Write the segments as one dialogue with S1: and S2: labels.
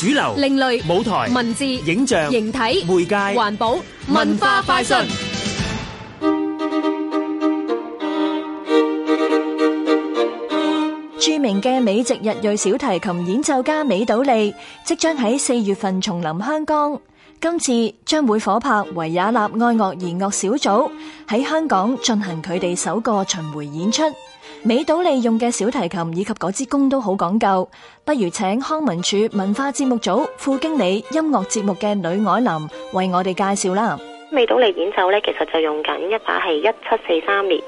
S1: 主流、另類、舞台、文字、影像、形體、媒介、環保、文化快訊。著名嘅美籍日裔小提琴演奏家美島利，即將喺四月份重臨香港。今次將會火拍維也納愛樂弦樂小組喺香港進行佢哋首個巡回演出。美島利用嘅小提琴以及嗰支弓都好講究，不如請康文署文化節目組副經理音樂節目嘅呂靄林為我哋介紹啦。
S2: 美島利演奏咧，其實就用緊一把係一七四三年。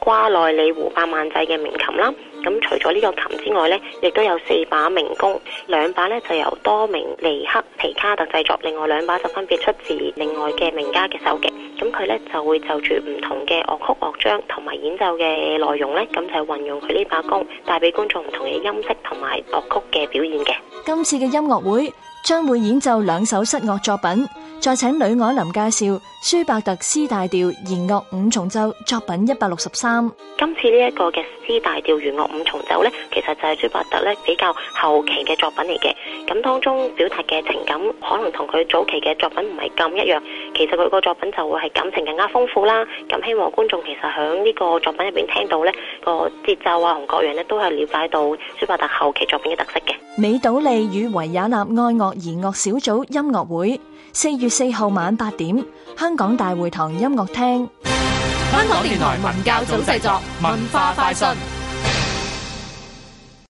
S2: 瓜內里湖百萬製嘅名琴啦，咁除咗呢個琴之外呢，亦都有四把名弓，兩把呢就由多明尼克皮卡特製作，另外兩把就分別出自另外嘅名家嘅手傑。咁佢呢就會就住唔同嘅樂曲樂章同埋演奏嘅內容呢，咁就係運用佢呢把弓帶俾觀眾唔同嘅音色同埋樂曲嘅表現嘅。今次
S1: 嘅音樂會將會演奏兩首失樂作品。再請呂愛林介紹舒伯特 C 大調弦樂五重奏作品一百六十三。
S2: 今次呢一個嘅 C 大調弦樂五重奏呢，其實就係舒伯特呢比較後期嘅作品嚟嘅。咁當中表達嘅情感可能同佢早期嘅作品唔係咁一樣。其實佢個作品就會係感情更加豐富啦。咁希望觀眾其實響呢個作品入邊聽到呢個節奏啊，同各樣呢都係了解到舒伯特後期作品嘅特色嘅。
S1: 美島利與維也納愛樂弦樂小組音樂會四月四號晚八點，香港大會堂音樂廳。
S2: 香港電台文教組製作，文化快訊。